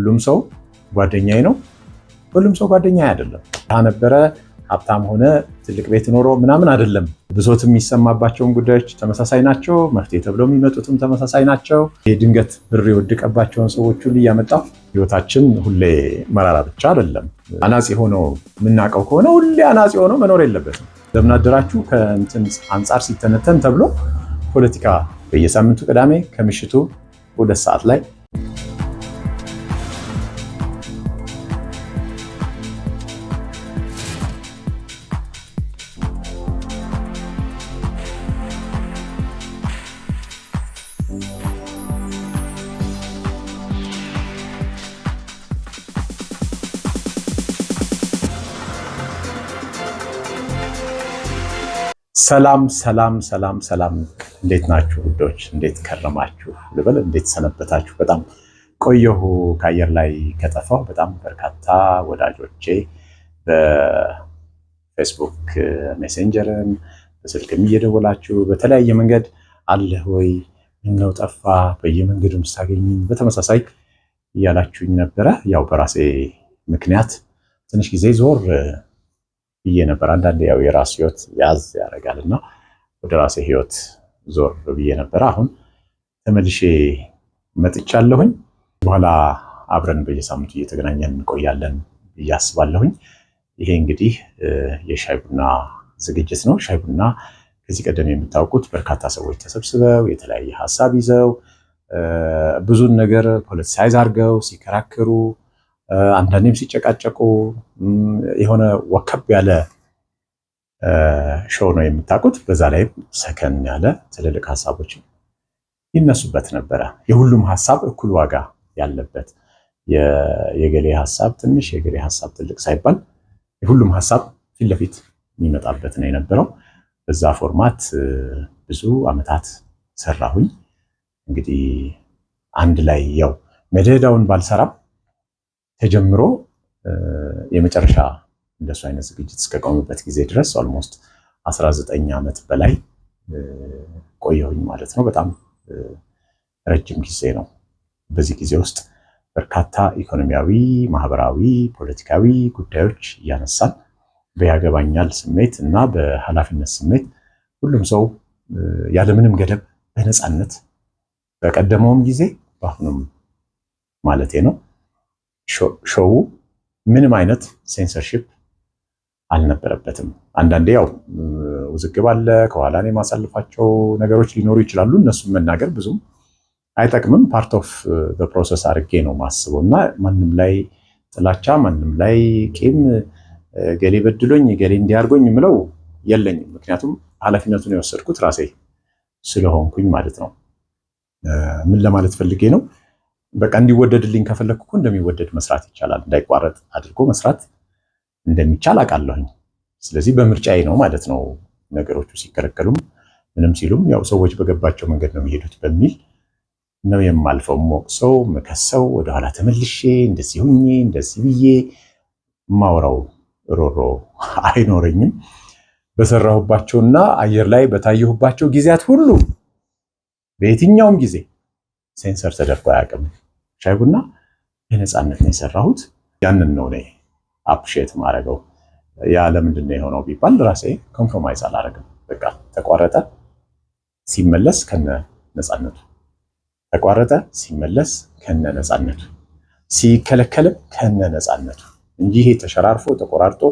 ሁሉም ሰው ጓደኛዬ ነው። ሁሉም ሰው ጓደኛ አይደለም። ድሃ ነበረ ሀብታም ሆነ ትልቅ ቤት ኖሮ ምናምን አይደለም። ብሶት የሚሰማባቸውን ጉዳዮች ተመሳሳይ ናቸው። መፍትሄ ተብለው የሚመጡትም ተመሳሳይ ናቸው። የድንገት ብር የወደቀባቸውን ሰዎች ሁሉ ህይወታችን ሁሌ መራራ ብቻ አይደለም። አናጺ ሆኖ የምናውቀው ከሆነ ሁሌ አናጺ ሆኖ መኖር የለበትም። ለምናደራችሁ ከእንትን አንጻር ሲተነተን ተብሎ ፖለቲካ በየሳምንቱ ቅዳሜ ከምሽቱ ሁለት ሰዓት ላይ ሰላም ሰላም ሰላም ሰላም፣ እንዴት ናችሁ ውዶች? እንዴት ከረማችሁ ልበል፣ እንዴት ሰነበታችሁ? በጣም ቆየሁ ከአየር ላይ ከጠፋሁ። በጣም በርካታ ወዳጆቼ በፌስቡክ ሜሴንጀርም በስልክም እየደወላችሁ በተለያየ መንገድ አለህ ወይ ምነው ጠፋ በየመንገዱም ስታገኙኝ በተመሳሳይ እያላችሁኝ ነበረ። ያው በራሴ ምክንያት ትንሽ ጊዜ ዞር ብዬ ነበር። አንዳንድ ያው የራስ ህይወት ያዝ ያደርጋል እና ወደ ራሴ ህይወት ዞር ብዬ ነበር። አሁን ተመልሼ መጥቻለሁኝ። በኋላ አብረን በየሳምንቱ እየተገናኘን እንቆያለን ብዬ አስባለሁኝ። ይሄ እንግዲህ የሻይ ቡና ዝግጅት ነው። ሻይ ቡና ከዚህ ቀደም የምታውቁት በርካታ ሰዎች ተሰብስበው የተለያየ ሀሳብ ይዘው ብዙን ነገር ፖለቲሳይዝ አድርገው ሲከራከሩ አንዳንዴም ሲጨቃጨቁ የሆነ ወከብ ያለ ሾው ነው የምታውቁት። በዛ ላይም ሰከን ያለ ትልልቅ ሀሳቦች ይነሱበት ነበረ። የሁሉም ሀሳብ እኩል ዋጋ ያለበት የገሌ ሀሳብ ትንሽ የገሌ ሀሳብ ትልቅ ሳይባል የሁሉም ሀሳብ ፊት ለፊት የሚመጣበት ነው የነበረው። በዛ ፎርማት ብዙ አመታት ሰራሁኝ። እንግዲህ አንድ ላይ ያው መደዳውን ባልሰራም ተጀምሮ የመጨረሻ እንደሱ አይነት ዝግጅት እስከቆምበት ጊዜ ድረስ ኦልሞስት 19 ዓመት በላይ ቆየሁኝ ማለት ነው። በጣም ረጅም ጊዜ ነው። በዚህ ጊዜ ውስጥ በርካታ ኢኮኖሚያዊ፣ ማህበራዊ፣ ፖለቲካዊ ጉዳዮች እያነሳን በያገባኛል ስሜት እና በኃላፊነት ስሜት ሁሉም ሰው ያለምንም ገደብ በነፃነት በቀደመውም ጊዜ በአሁኑም ማለቴ ነው ሾው ምንም አይነት ሴንሰርሺፕ አልነበረበትም። አንዳንዴ ያው ውዝግብ አለ፣ ከኋላ የማሳልፋቸው ነገሮች ሊኖሩ ይችላሉ። እነሱም መናገር ብዙም አይጠቅምም። ፓርት ኦፍ ፕሮሰስ አድርጌ ነው ማስበው እና ማንም ላይ ጥላቻ፣ ማንም ላይ ቂም፣ ገሌ በድሎኝ፣ ገሌ እንዲያርጎኝ የምለው የለኝም። ምክንያቱም ኃላፊነቱን የወሰድኩት ራሴ ስለሆንኩኝ ማለት ነው። ምን ለማለት ፈልጌ ነው? በቃ እንዲወደድልኝ ከፈለግኩ እኮ እንደሚወደድ መስራት ይቻላል። እንዳይቋረጥ አድርጎ መስራት እንደሚቻል አውቃለሁኝ። ስለዚህ በምርጫዬ ነው ማለት ነው። ነገሮቹ ሲከለከሉም ምንም ሲሉም ያው ሰዎች በገባቸው መንገድ ነው የሚሄዱት በሚል ነው የማልፈው። ሞቅሰው መከሰው ወደኋላ ተመልሼ እንደዚህ ሁኜ እንደዚህ ብዬ ማውራው ሮሮ አይኖረኝም። በሰራሁባቸውና አየር ላይ በታየሁባቸው ጊዜያት ሁሉ በየትኛውም ጊዜ ሴንሰር ተደርጎ አያውቅም። ሻይ ቡና በነፃነት ነው የሰራሁት። ያንን ነው እኔ አፕሼት ማድረገው። ያ ለምንድን ነው የሆነው ቢባል ራሴ ኮምፕሮማይዝ አላደረግም። በቃ ተቋረጠ፣ ሲመለስ ከነ ነፃነቱ፣ ተቋረጠ፣ ሲመለስ ከነ ነፃነቱ፣ ሲከለከልም ከነ ነፃነቱ እንጂ ይሄ ተሸራርፎ ተቆራርጦ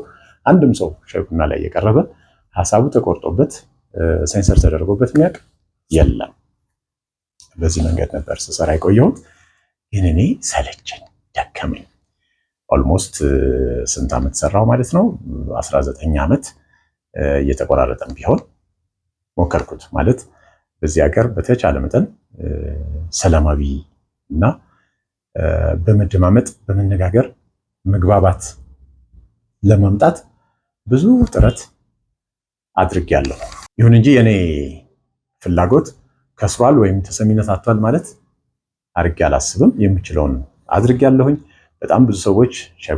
አንድም ሰው ሻይ ቡና ላይ የቀረበ ሀሳቡ ተቆርጦበት ሴንሰር ተደርጎበት የሚያውቅ የለም። በዚህ መንገድ ነበር ስሰራ የቆየሁት። ግን እኔ ሰለቸኝ፣ ደከመኝ። ኦልሞስት ስንት ዓመት ሰራው ማለት ነው? 19 ዓመት እየተቆራረጠም ቢሆን ሞከርኩት ማለት በዚህ ሀገር በተቻለ መጠን ሰላማዊ እና በመደማመጥ በመነጋገር መግባባት ለማምጣት ብዙ ጥረት አድርጌያለሁ። ይሁን እንጂ የኔ ፍላጎት ከስሯል ወይም ተሰሚነት አጥቷል ማለት አድርጌ አላስብም። የምችለውን አድርጌ ያለሁኝ። በጣም ብዙ ሰዎች ሻይ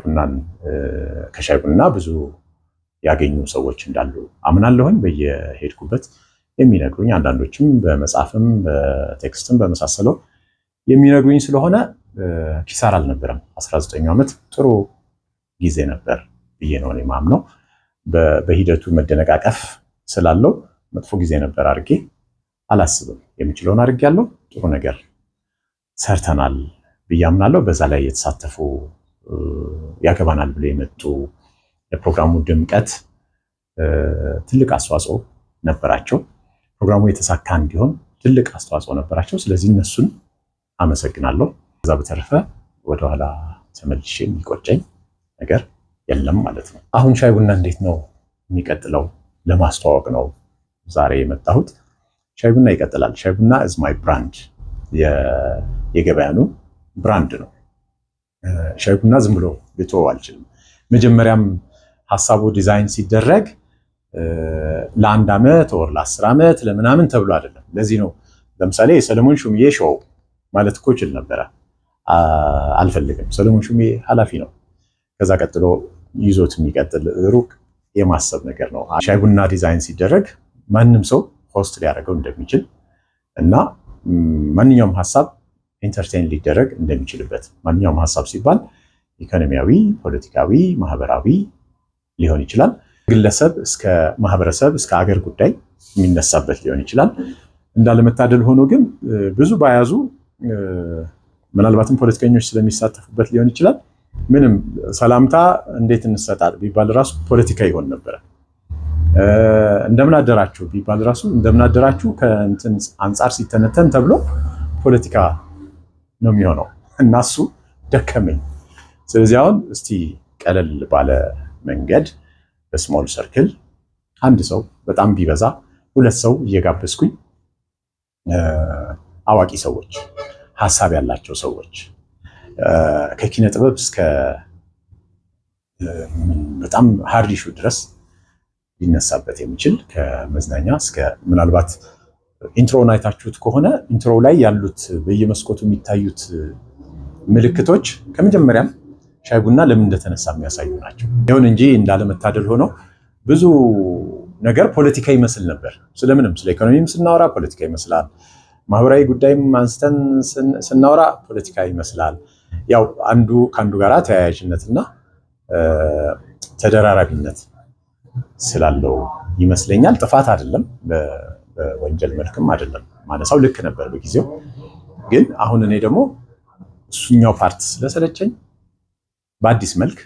ብዙ ያገኙ ሰዎች እንዳሉ አምናለሁኝ። በየሄድኩበት የሚነግሩኝ አንዳንዶችም በመጽሐፍም በቴክስትም በመሳሰለው የሚነግሩኝ ስለሆነ ኪሳር አልነበረም። 19 ዓመት ጥሩ ጊዜ ነበር ብዬ ነው ማምነው። በሂደቱ መደነቃቀፍ ስላለው መጥፎ ጊዜ ነበር አድርጌ አላስብም። የምችለውን አድርጌያለሁ። ጥሩ ነገር ሰርተናል ብዬ አምናለሁ። በዛ ላይ የተሳተፉ ያገባናል ብሎ የመጡ ለፕሮግራሙ ድምቀት ትልቅ አስተዋጽኦ ነበራቸው። ፕሮግራሙ የተሳካ እንዲሆን ትልቅ አስተዋጽኦ ነበራቸው። ስለዚህ እነሱን አመሰግናለሁ። ከዛ በተረፈ ወደኋላ ተመልሼ የሚቆጨኝ ነገር የለም ማለት ነው። አሁን ሻይ ቡና እንዴት ነው የሚቀጥለው ለማስተዋወቅ ነው ዛሬ የመጣሁት። ሻይ ቡና ይቀጥላል። ሻይ ቡና ኢዝ ማይ ብራንድ፣ የገበያኑ ብራንድ ነው። ሻይ ቡና ዝም ብሎ ልትወው አልችልም። መጀመሪያም ሀሳቡ ዲዛይን ሲደረግ ለአንድ ዓመት ወር ለአስር ዓመት ለምናምን ተብሎ አይደለም። ለዚህ ነው ለምሳሌ ሰለሞን ሹምዬ ሾው ማለት እኮ ነበረ፣ አልፈልግም። ሰለሞን ሹምዬ ኃላፊ ነው። ከዛ ቀጥሎ ይዞት የሚቀጥል ሩቅ የማሰብ ነገር ነው። ሻይ ቡና ዲዛይን ሲደረግ ማንም ሰው ሆስት ሊያደርገው እንደሚችል እና ማንኛውም ሀሳብ ኢንተርቴን ሊደረግ እንደሚችልበት ማንኛውም ሀሳብ ሲባል ኢኮኖሚያዊ፣ ፖለቲካዊ፣ ማህበራዊ ሊሆን ይችላል። ግለሰብ እስከ ማህበረሰብ እስከ አገር ጉዳይ የሚነሳበት ሊሆን ይችላል። እንዳለመታደል ሆኖ ግን ብዙ ባያዙ ምናልባትም ፖለቲከኞች ስለሚሳተፉበት ሊሆን ይችላል። ምንም ሰላምታ እንዴት እንሰጣል ቢባል ራሱ ፖለቲካ ይሆን ነበረ። እንደምን አደራችሁ ቢባል ራሱ እንደምን አደራችሁ ከእንትን አንጻር ሲተነተን ተብሎ ፖለቲካ ነው የሚሆነው እና እሱ ደከመኝ። ስለዚህ አሁን እስቲ ቀለል ባለ መንገድ በስሞል ሰርክል አንድ ሰው በጣም ቢበዛ ሁለት ሰው እየጋበዝኩኝ አዋቂ ሰዎች፣ ሀሳብ ያላቸው ሰዎች ከኪነ ጥበብ እስከ በጣም ሀርድ ኢሹ ድረስ ሊነሳበት የሚችል ከመዝናኛ እስከ ምናልባት ኢንትሮውን አይታችሁት ከሆነ ኢንትሮ ላይ ያሉት በየመስኮቱ የሚታዩት ምልክቶች ከመጀመሪያም ሻይ ቡና ለምን እንደተነሳ የሚያሳዩ ናቸው። ይሁን እንጂ እንዳለመታደል ሆኖ ብዙ ነገር ፖለቲካ ይመስል ነበር። ስለምንም ስለ ኢኮኖሚም ስናወራ ፖለቲካ ይመስላል። ማህበራዊ ጉዳይም አንስተን ስናወራ ፖለቲካ ይመስላል። ያው አንዱ ከአንዱ ጋር ተያያዥነትና ተደራራቢነት ስላለው ይመስለኛል። ጥፋት አይደለም፣ በወንጀል መልክም አይደለም። ማነሳው ልክ ነበር በጊዜው። ግን አሁን እኔ ደግሞ እሱኛው ፓርት ስለሰለቸኝ በአዲስ መልክ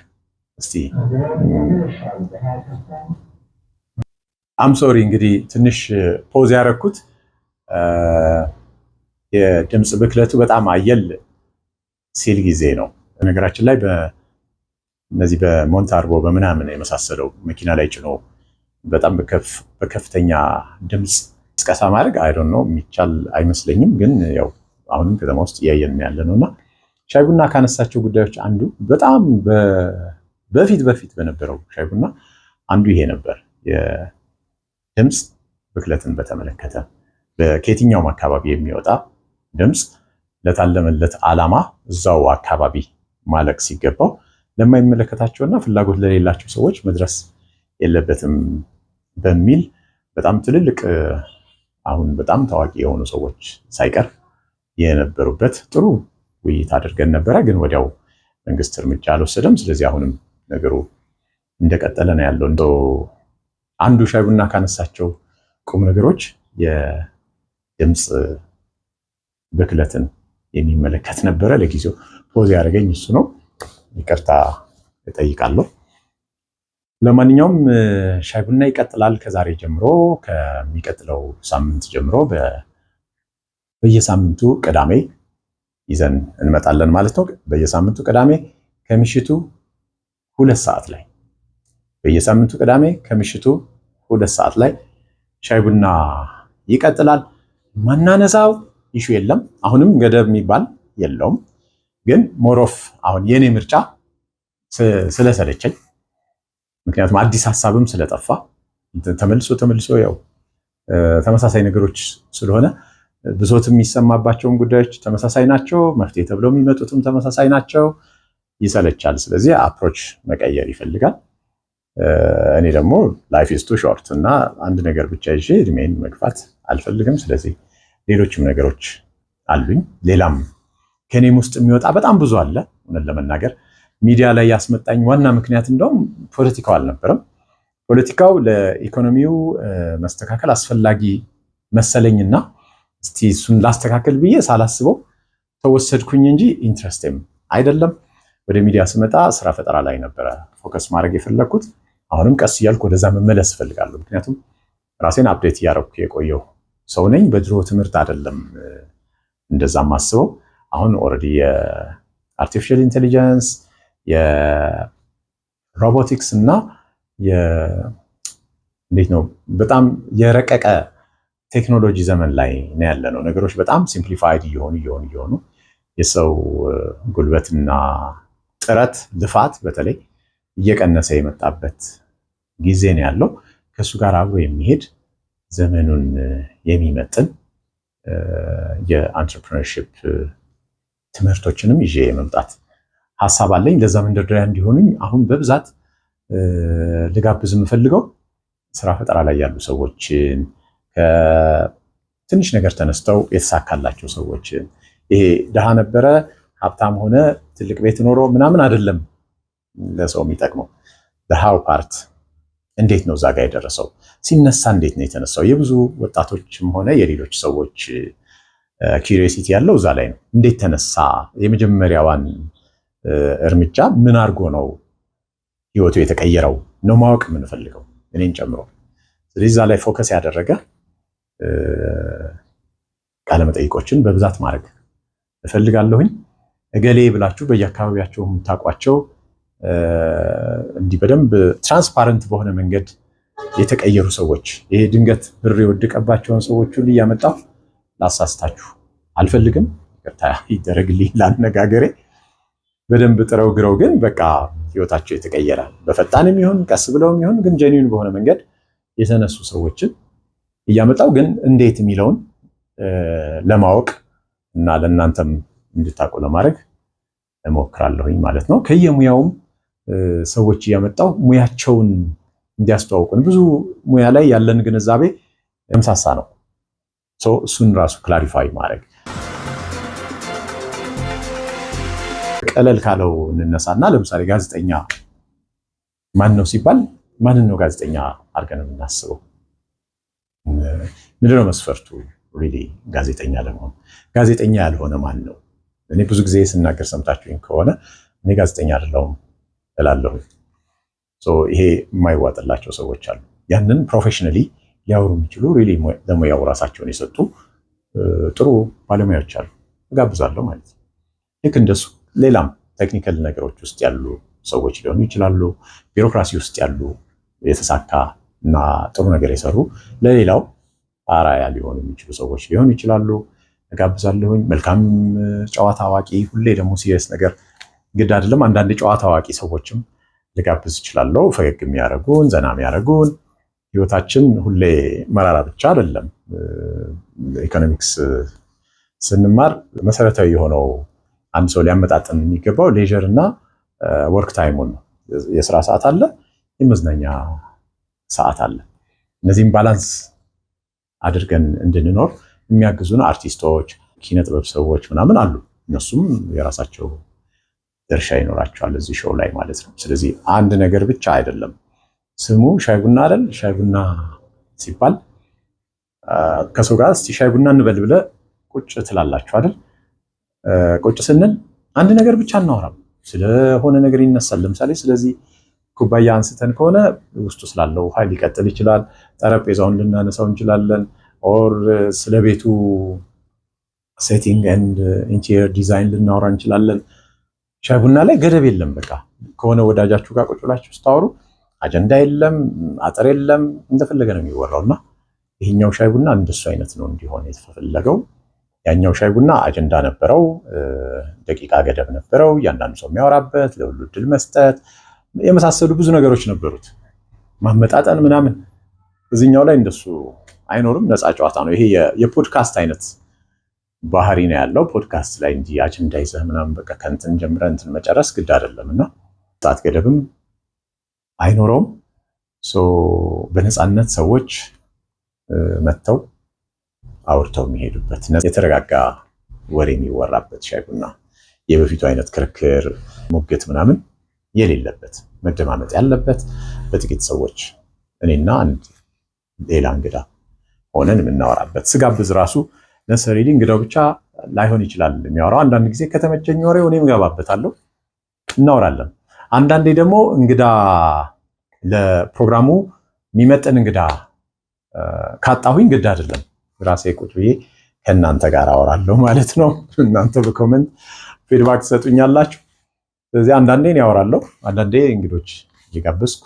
እስቲ አምሶሪ እንግዲህ ትንሽ ፖዝ ያደረኩት የድምፅ ብክለቱ በጣም አየል ሲል ጊዜ ነው። በነገራችን ላይ እነዚህ በሞንታርቦ በምናምን የመሳሰለው መኪና ላይ ጭኖ በጣም በከፍተኛ ድምፅ ቅስቀሳ ማድረግ አይዶን ነው የሚቻል አይመስለኝም። ግን ያው አሁንም ከተማ ውስጥ እያየን ያለ ነው እና ሻይ ቡና ካነሳቸው ጉዳዮች አንዱ በጣም በፊት በፊት በነበረው ሻይ ቡና አንዱ ይሄ ነበር፣ የድምፅ ብክለትን በተመለከተ ከየትኛውም አካባቢ የሚወጣ ድምፅ ለታለመለት ዓላማ እዛው አካባቢ ማለቅ ሲገባው ለማይመለከታቸውና ፍላጎት ለሌላቸው ሰዎች መድረስ የለበትም በሚል በጣም ትልልቅ አሁን በጣም ታዋቂ የሆኑ ሰዎች ሳይቀር የነበሩበት ጥሩ ውይይት አድርገን ነበረ። ግን ወዲያው መንግስት እርምጃ አልወሰደም። ስለዚህ አሁንም ነገሩ እንደቀጠለ ነው ያለው። እንደ አንዱ ሻይ ቡና ካነሳቸው ቁም ነገሮች የድምፅ ብክለትን የሚመለከት ነበረ። ለጊዜው ፖዝ ያደረገኝ እሱ ነው። ይቅርታ እጠይቃለሁ። ለማንኛውም ሻይ ቡና ይቀጥላል። ከዛሬ ጀምሮ ከሚቀጥለው ሳምንት ጀምሮ በየሳምንቱ ቅዳሜ ይዘን እንመጣለን ማለት ነው። በየሳምንቱ ቅዳሜ ከምሽቱ ሁለት ሰዓት ላይ በየሳምንቱ ቅዳሜ ከምሽቱ ሁለት ሰዓት ላይ ሻይ ቡና ይቀጥላል። ማናነሳው ይሹ የለም። አሁንም ገደብ የሚባል የለውም። ግን ሞሮፍ አሁን የኔ ምርጫ ስለሰለቸኝ ምክንያቱም አዲስ ሀሳብም ስለጠፋ ተመልሶ ተመልሶ ያው ተመሳሳይ ነገሮች ስለሆነ ብሶት የሚሰማባቸውም ጉዳዮች ተመሳሳይ ናቸው። መፍትሄ ተብለው የሚመጡትም ተመሳሳይ ናቸው። ይሰለቻል። ስለዚህ አፕሮች መቀየር ይፈልጋል። እኔ ደግሞ ላይፍ ስቱ ሾርት እና አንድ ነገር ብቻ ይዤ እድሜን መግፋት አልፈልግም። ስለዚህ ሌሎችም ነገሮች አሉኝ ሌላም ከኔም ውስጥ የሚወጣ በጣም ብዙ አለ። እውነት ለመናገር ሚዲያ ላይ ያስመጣኝ ዋና ምክንያት እንደውም ፖለቲካው አልነበረም። ፖለቲካው ለኢኮኖሚው መስተካከል አስፈላጊ መሰለኝና እስቲ እሱን ላስተካከል ብዬ ሳላስበው ተወሰድኩኝ እንጂ ኢንትረስቴም አይደለም። ወደ ሚዲያ ስመጣ ስራ ፈጠራ ላይ ነበረ ፎከስ ማድረግ የፈለግኩት። አሁንም ቀስ እያልኩ ወደዛ መመለስ እፈልጋለሁ። ምክንያቱም ራሴን አፕዴት እያደረኩ የቆየው ሰው ነኝ። በድሮ ትምህርት አይደለም እንደዛ ማስበው አሁን ኦልሬዲ የአርቲፊሻል ኢንቴሊጀንስ የሮቦቲክስ እና እንዴት ነው በጣም የረቀቀ ቴክኖሎጂ ዘመን ላይ ነው ያለ ነው። ነገሮች በጣም ሲምፕሊፋይድ እየሆኑ እየሆኑ እየሆኑ የሰው ጉልበትና ጥረት ልፋት በተለይ እየቀነሰ የመጣበት ጊዜ ነው ያለው። ከእሱ ጋር አብሮ የሚሄድ ዘመኑን የሚመጥን የአንትርፕረነርሺፕ ትምህርቶችንም ይዤ የመምጣት ሀሳብ አለኝ። ለዛ መንደርደሪያ እንዲሆኑኝ አሁን በብዛት ልጋብዝ የምፈልገው ስራ ፈጠራ ላይ ያሉ ሰዎችን ከትንሽ ነገር ተነስተው የተሳካላቸው ሰዎችን ይሄ ድሃ ነበረ ሀብታም ሆነ ትልቅ ቤት ኖሮ ምናምን አይደለም ለሰው የሚጠቅመው ድሃው ፓርት እንዴት ነው እዛ ጋ የደረሰው? ሲነሳ እንዴት ነው የተነሳው? የብዙ ወጣቶችም ሆነ የሌሎች ሰዎች ኪሪዮሲቲ ያለው እዛ ላይ ነው። እንዴት ተነሳ? የመጀመሪያዋን እርምጃ ምን አድርጎ ነው ህይወቱ የተቀየረው ነው ማወቅ የምንፈልገው እኔን ጨምሮ። ስለዚህ እዛ ላይ ፎከስ ያደረገ ቃለመጠይቆችን በብዛት ማድረግ እፈልጋለሁኝ። እገሌ ብላችሁ በየአካባቢያቸው የምታውቋቸው እንዲህ በደንብ ትራንስፓረንት በሆነ መንገድ የተቀየሩ ሰዎች ይሄ ድንገት ብር የወደቀባቸውን ሰዎች ሁሉ እያመጣሁ ላሳስታችሁ አልፈልግም። ይቅርታ ይደረግልኝ ላነጋገሬ። በደንብ ጥረው ግረው ግን በቃ ህይወታቸው የተቀየራል። በፈጣንም ይሁን ቀስ ብለውም ይሁን ግን ጀኒውን በሆነ መንገድ የተነሱ ሰዎችን እያመጣው ግን እንዴት የሚለውን ለማወቅ እና ለእናንተም እንድታውቁ ለማድረግ እሞክራለሁኝ ማለት ነው። ከየሙያውም ሰዎች እያመጣው ሙያቸውን እንዲያስተዋውቁን ብዙ ሙያ ላይ ያለን ግንዛቤ ተምሳሳ ነው። እሱን ራሱ ክላሪፋይ ማድረግ ቀለል ካለው እንነሳና ለምሳሌ ጋዜጠኛ ማን ነው ሲባል ማንን ነው ጋዜጠኛ አድርገን የምናስበው? ምንድነው መስፈርቱ? ሪሊ ጋዜጠኛ ለመሆን ጋዜጠኛ ያልሆነ ማን ነው? እኔ ብዙ ጊዜ ስናገር ሰምታችሁኝ ከሆነ እኔ ጋዜጠኛ አይደለሁም እላለሁ። ይሄ የማይዋጥላቸው ሰዎች አሉ። ያንን ፕሮፌሽናሊ ሊያወሩ የሚችሉ ለሙያው ራሳቸውን የሰጡ ጥሩ ባለሙያዎች አሉ፣ እጋብዛለሁ ማለት ነው። ልክ እንደሱ ሌላም ቴክኒካል ነገሮች ውስጥ ያሉ ሰዎች ሊሆኑ ይችላሉ። ቢሮክራሲ ውስጥ ያሉ የተሳካ እና ጥሩ ነገር የሰሩ ለሌላው አራያ ሊሆኑ የሚችሉ ሰዎች ሊሆኑ ይችላሉ፣ እጋብዛለሁኝ። መልካም ጨዋታ አዋቂ፣ ሁሌ ደግሞ ሲሪየስ ነገር ግድ አይደለም። አንዳንድ ጨዋታ አዋቂ ሰዎችም ልጋብዝ እችላለሁ። ፈገግ የሚያደርጉን ዘና የሚያደርጉን ህይወታችን ሁሌ መራራ ብቻ አይደለም። ኢኮኖሚክስ ስንማር መሰረታዊ የሆነው አንድ ሰው ሊያመጣጥን የሚገባው ሌዥር እና ወርክ ታይሙን ነው። የስራ ሰዓት አለ፣ የመዝናኛ ሰዓት አለ። እነዚህም ባላንስ አድርገን እንድንኖር የሚያግዙን አርቲስቶች፣ ኪነጥበብ ሰዎች ምናምን አሉ። እነሱም የራሳቸው ድርሻ ይኖራቸዋል እዚህ ሾው ላይ ማለት ነው። ስለዚህ አንድ ነገር ብቻ አይደለም። ስሙ ሻይ ቡና አይደል? ሻይ ቡና ሲባል ከሰው ጋር እስቲ ሻይ ቡና እንበል ብለ ቁጭ ትላላችሁ አይደል? ቁጭ ስንል አንድ ነገር ብቻ እናወራም፣ ስለሆነ ነገር ይነሳል። ለምሳሌ ስለዚህ ኩባያ አንስተን ከሆነ ውስጡ ስላለው ውሃ ሊቀጥል ይችላል። ጠረጴዛውን ልናነሳው እንችላለን። ኦር ስለ ቤቱ ሴቲንግ ኤንድ ኢንቴሪየር ዲዛይን ልናወራ እንችላለን። ሻይ ቡና ላይ ገደብ የለም። በቃ ከሆነ ወዳጃችሁ ጋር ቁጭ ብላችሁ ስታወሩ አጀንዳ የለም፣ አጥር የለም፣ እንደፈለገ ነው የሚወራው እና ይህኛው ሻይ ቡና እንደሱ አይነት ነው እንዲሆን የተፈለገው። ያኛው ሻይ ቡና አጀንዳ ነበረው፣ ደቂቃ ገደብ ነበረው፣ እያንዳንዱ ሰው የሚያወራበት፣ ለሁሉ እድል መስጠት የመሳሰሉ ብዙ ነገሮች ነበሩት፣ ማመጣጠን ምናምን። እዚህኛው ላይ እንደሱ አይኖርም፣ ነፃ ጨዋታ ነው። ይሄ የፖድካስት አይነት ባህሪ ነው ያለው። ፖድካስት ላይ እንዲህ አጀንዳ ይዘህ ምናምን በቃ ከእንትን ጀምረህ እንትን መጨረስ ግድ አይደለም እና ሰዓት ገደብም አይኖረውም። በነፃነት ሰዎች መጥተው አውርተው የሚሄዱበት የተረጋጋ ወሬ የሚወራበት ሻይ ቡና የበፊቱ አይነት ክርክር፣ ሙግት ምናምን የሌለበት መደማመጥ ያለበት በጥቂት ሰዎች እኔና አንድ ሌላ እንግዳ ሆነን የምናወራበት ስጋብዝ ራሱ ነሰሪሊ እንግዳው ብቻ ላይሆን ይችላል የሚያወራው። አንዳንድ ጊዜ ከተመቸኝ ወሬ እኔም እገባበታለሁ፣ እናወራለን። አንዳንዴ ደግሞ እንግዳ ለፕሮግራሙ የሚመጥን እንግዳ ካጣሁኝ ግድ አይደለም ራሴ ቁጭ ብዬ ከእናንተ ጋር አወራለሁ ማለት ነው። እናንተ በኮመንት ፊድባክ ትሰጡኛላችሁ። ስለዚህ አንዳንዴ ያወራለሁ፣ አንዳንዴ እንግዶች እየጋበዝኩ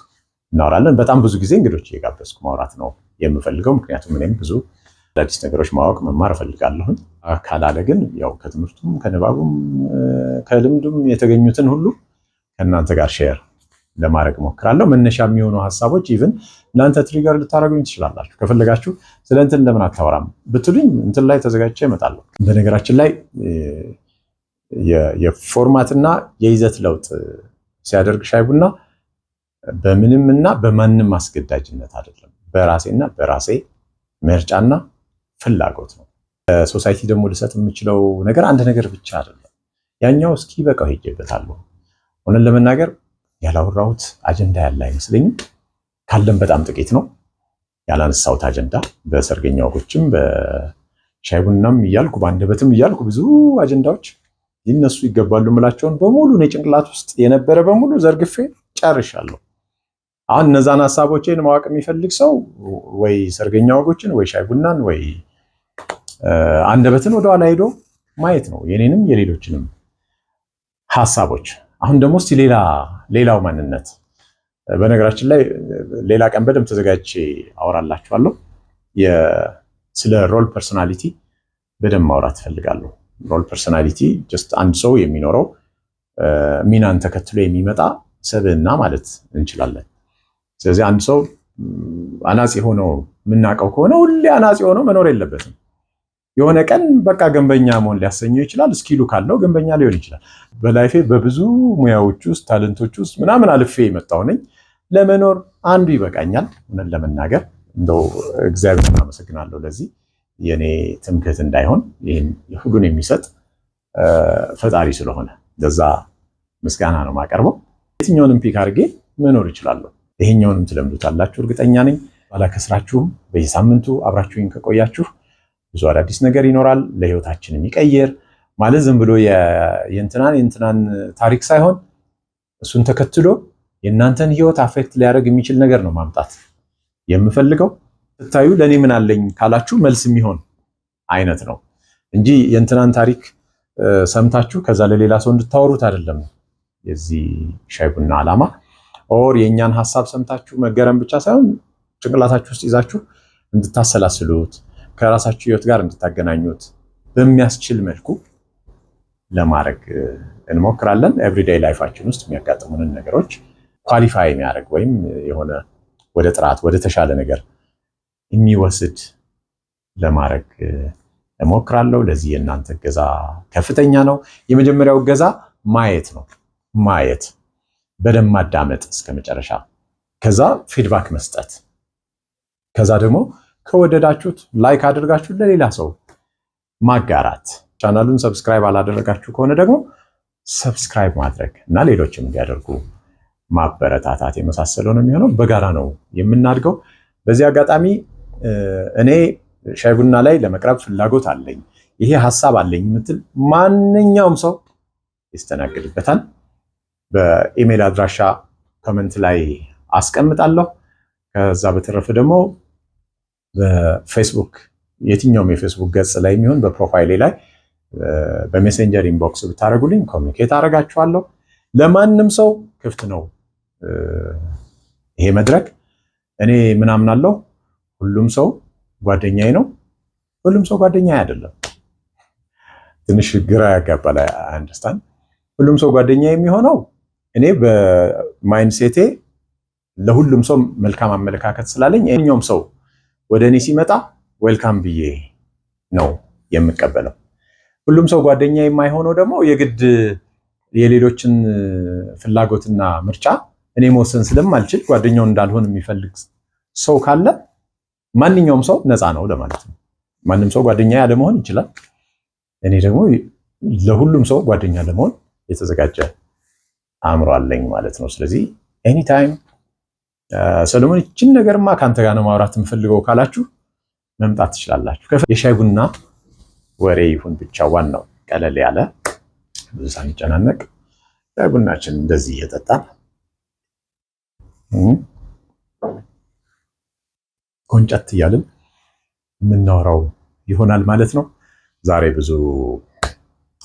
እናወራለን። በጣም ብዙ ጊዜ እንግዶች እየጋበዝኩ ማውራት ነው የምፈልገው፣ ምክንያቱም እኔም ብዙ አዳዲስ ነገሮች ማወቅ መማር እፈልጋለሁን። ካላለ ግን ያው ከትምህርቱም ከንባቡም ከልምዱም የተገኙትን ሁሉ ከእናንተ ጋር ሼር ለማድረግ ሞክራለሁ። መነሻ የሚሆኑ ሀሳቦች ኢቭን እናንተ ትሪገር ልታደረጉኝ ትችላላችሁ። ከፈለጋችሁ ስለ እንትን ለምን አታወራም ብትሉኝ እንትን ላይ ተዘጋጅቼ እመጣለሁ። በነገራችን ላይ የፎርማትና የይዘት ለውጥ ሲያደርግ ሻይ ቡና በምንም እና በማንም አስገዳጅነት አይደለም። በራሴና በራሴ ምርጫና ፍላጎት ነው። ሶሳይቲ ደግሞ ልሰጥ የምችለው ነገር አንድ ነገር ብቻ አይደለም። ያኛው እስኪ በቃው ሄጄበታለሁ ሆነን ለመናገር ያላወራሁት አጀንዳ ያለ አይመስለኝም። ካለም በጣም ጥቂት ነው ያላነሳሁት አጀንዳ። በሰርገኛ ወጎችም በሻይ ቡናም እያልኩ በአንደበትም እያልኩ ብዙ አጀንዳዎች ሊነሱ ይገባሉ ምላቸውን በሙሉ እኔ ጭንቅላት ውስጥ የነበረ በሙሉ ዘርግፌ ጨርሻለሁ። አሁን እነዛን ሀሳቦቼን ማወቅ የሚፈልግ ሰው ወይ ሰርገኛ ወጎችን ወይ ሻይ ቡናን ወይ አንደበትን ወደኋላ ሄዶ ማየት ነው የኔንም የሌሎችንም ሀሳቦች አሁን ደግሞ እስቲ ሌላ ሌላው ማንነት በነገራችን ላይ ሌላ ቀን በደንብ ተዘጋጅቼ አወራላችኋለሁ። ስለ ሮል ፐርሶናሊቲ በደንብ ማውራት እፈልጋለሁ ሮል ፐርሶናሊቲ ጀስት አንድ ሰው የሚኖረው ሚናን ተከትሎ የሚመጣ ሰብዕና ማለት እንችላለን። ስለዚህ አንድ ሰው አናጺ ሆኖ የምናውቀው ከሆነ ሁሌ አናጺ ሆኖ መኖር የለበትም። የሆነ ቀን በቃ ገንበኛ መሆን ሊያሰኘው ይችላል። እስኪሉ ካለው ገንበኛ ሊሆን ይችላል። በላይፌ በብዙ ሙያዎች ውስጥ ታለንቶች ውስጥ ምናምን አልፌ የመጣው ነኝ። ለመኖር አንዱ ይበቃኛል። እውነት ለመናገር እንደው እግዚአብሔር እናመሰግናለሁ ለዚህ የኔ ትምክህት እንዳይሆን ይህን ሁሉን የሚሰጥ ፈጣሪ ስለሆነ ለዛ ምስጋና ነው የማቀርበው። የትኛውንም ፒክ አድርጌ መኖር እችላለሁ። ይሄኛውንም ትለምዱታላችሁ እርግጠኛ ነኝ። ባላከስራችሁም በየሳምንቱ አብራችሁኝ ከቆያችሁ ብዙ አዳዲስ ነገር ይኖራል፣ ለህይወታችን የሚቀይር ማለት ዝም ብሎ የእንትናን የእንትናን ታሪክ ሳይሆን እሱን ተከትሎ የእናንተን ህይወት አፌክት ሊያደርግ የሚችል ነገር ነው ማምጣት የምፈልገው። ስታዩ ለእኔ ምን አለኝ ካላችሁ መልስ የሚሆን አይነት ነው እንጂ የእንትናን ታሪክ ሰምታችሁ ከዛ ለሌላ ሰው እንድታወሩት አይደለም የዚህ ሻይ ቡና አላማ ኦር የእኛን ሀሳብ ሰምታችሁ መገረም ብቻ ሳይሆን ጭንቅላታችሁ ውስጥ ይዛችሁ እንድታሰላስሉት ከራሳችሁ ህይወት ጋር እንድታገናኙት በሚያስችል መልኩ ለማድረግ እንሞክራለን። ኤቭሪዴይ ላይፋችን ውስጥ የሚያጋጥሙንን ነገሮች ኳሊፋይ የሚያደርግ ወይም የሆነ ወደ ጥራት ወደ ተሻለ ነገር የሚወስድ ለማድረግ እሞክራለሁ። ለዚህ የእናንተ እገዛ ከፍተኛ ነው። የመጀመሪያው እገዛ ማየት ነው። ማየት በደንብ ማዳመጥ እስከ መጨረሻ፣ ከዛ ፊድባክ መስጠት፣ ከዛ ደግሞ ከወደዳችሁት ላይክ አድርጋችሁ ለሌላ ሰው ማጋራት፣ ቻናሉን ሰብስክራይብ አላደረጋችሁ ከሆነ ደግሞ ሰብስክራይብ ማድረግ እና ሌሎችም እንዲያደርጉ ማበረታታት የመሳሰለው ነው የሚሆነው። በጋራ ነው የምናድገው። በዚህ አጋጣሚ እኔ ሻይ ቡና ላይ ለመቅረብ ፍላጎት አለኝ፣ ይሄ ሀሳብ አለኝ የምትል ማንኛውም ሰው ይስተናግድበታል። በኢሜይል አድራሻ ኮመንት ላይ አስቀምጣለሁ። ከዛ በተረፈ ደግሞ በፌስቡክ የትኛውም የፌስቡክ ገጽ ላይ የሚሆን በፕሮፋይሌ ላይ በሜሴንጀር ኢንቦክስ ብታደረጉልኝ ኮሚኒኬት አደርጋችኋለሁ። ለማንም ሰው ክፍት ነው ይሄ መድረክ። እኔ ምናምናለሁ ሁሉም ሰው ጓደኛዬ ነው። ሁሉም ሰው ጓደኛዬ አይደለም። ትንሽ ግራ ያጋባል። አንደርስታንድ ሁሉም ሰው ጓደኛ የሚሆነው እኔ በማይንድ ሴቴ ለሁሉም ሰው መልካም አመለካከት ስላለኝ የትኛውም ሰው ወደ እኔ ሲመጣ ዌልካም ብዬ ነው የምቀበለው። ሁሉም ሰው ጓደኛ የማይሆነው ደግሞ የግድ የሌሎችን ፍላጎትና ምርጫ እኔ መወሰን ስለማልችል ጓደኛውን እንዳልሆን የሚፈልግ ሰው ካለ ማንኛውም ሰው ነፃ ነው ለማለት ነው። ማንም ሰው ጓደኛ ያለመሆን ይችላል። እኔ ደግሞ ለሁሉም ሰው ጓደኛ ለመሆን የተዘጋጀ አእምሮ አለኝ ማለት ነው። ስለዚህ ኤኒታይም ሰለሞን ይችን ነገርማ ከአንተ ጋር ነው ማውራት የምፈልገው ካላችሁ መምጣት ትችላላችሁ። የሻይ ቡና ወሬ ይሁን ብቻ ዋናው ቀለል ያለ ብዙ ሳንጨናነቅ ሻይ ቡናችን እንደዚህ እየጠጣን ቆንጨት እያልን የምናወራው ይሆናል ማለት ነው። ዛሬ ብዙ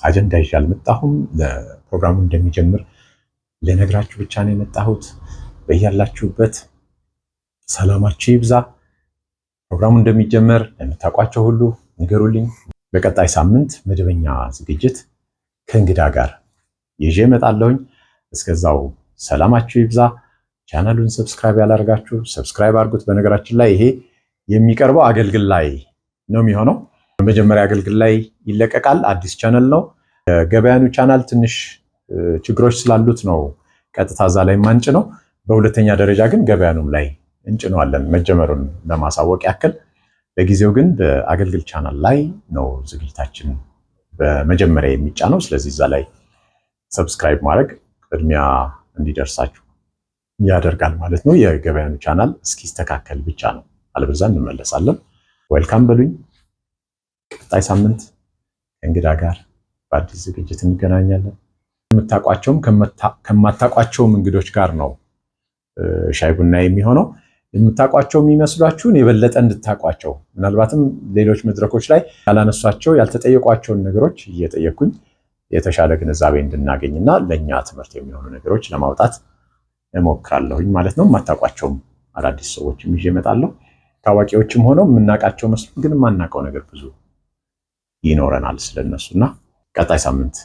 አጀንዳ ይዤ አልመጣሁም። ፕሮግራሙ እንደሚጀምር ልነግራችሁ ብቻ ነው የመጣሁት። በያላችሁበት ሰላማችሁ ይብዛ። ፕሮግራሙ እንደሚጀመር ለምታውቋቸው ሁሉ ንገሩልኝ። በቀጣይ ሳምንት መደበኛ ዝግጅት ከእንግዳ ጋር ይዤ እመጣለሁኝ። እስከዛው ሰላማችሁ ይብዛ። ቻናሉን ሰብስክራይብ ያላደርጋችሁ ሰብስክራይብ አድርጉት። በነገራችን ላይ ይሄ የሚቀርበው አገልግል ላይ ነው የሚሆነው። በመጀመሪያ አገልግል ላይ ይለቀቃል። አዲስ ቻናል ነው። ገበያኑ ቻናል ትንሽ ችግሮች ስላሉት ነው ቀጥታ እዛ ላይ ማንጭ ነው። በሁለተኛ ደረጃ ግን ገበያኑም ላይ እንጭነዋለን መጀመሩን ለማሳወቅ ያክል። ለጊዜው ግን በአገልግል ቻናል ላይ ነው ዝግጅታችን በመጀመሪያ የሚጫነው። ስለዚህ እዛ ላይ ሰብስክራይብ ማድረግ ቅድሚያ እንዲደርሳችሁ ያደርጋል ማለት ነው። የገበያኑ ቻናል እስኪስተካከል ብቻ ነው፣ አለበዛ እንመለሳለን። ዌልካም በሉኝ። ቀጣይ ሳምንት ከእንግዳ ጋር በአዲስ ዝግጅት እንገናኛለን። ከምታቋቸውም ከማታቋቸውም እንግዶች ጋር ነው ሻይ ቡና የሚሆነው የምታውቋቸው የሚመስሏችሁን የበለጠ እንድታውቋቸው ምናልባትም ሌሎች መድረኮች ላይ ያላነሷቸው ያልተጠየቋቸውን ነገሮች እየጠየኩኝ የተሻለ ግንዛቤ እንድናገኝና ለእኛ ትምህርት የሚሆኑ ነገሮች ለማውጣት እሞክራለሁኝ ማለት ነው። የማታውቋቸውም አዳዲስ ሰዎችም ይዤ እመጣለሁ። ታዋቂዎችም ሆነው የምናውቃቸው መስሎ ግን የማናውቀው ነገር ብዙ ይኖረናል ስለነሱና ቀጣይ ሳምንት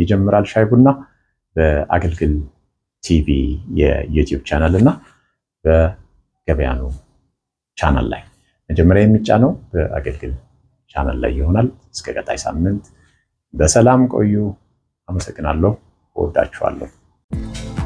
ይጀምራል ሻይ ቡና በአገልግል ቲቪ የዩቲዩብ ቻናል እና በገበያኑ ቻናል ላይ መጀመሪያ የሚጫነው በአገልግል ቻናል ላይ ይሆናል። እስከ ቀጣይ ሳምንት በሰላም ቆዩ። አመሰግናለሁ። እወዳችኋለሁ።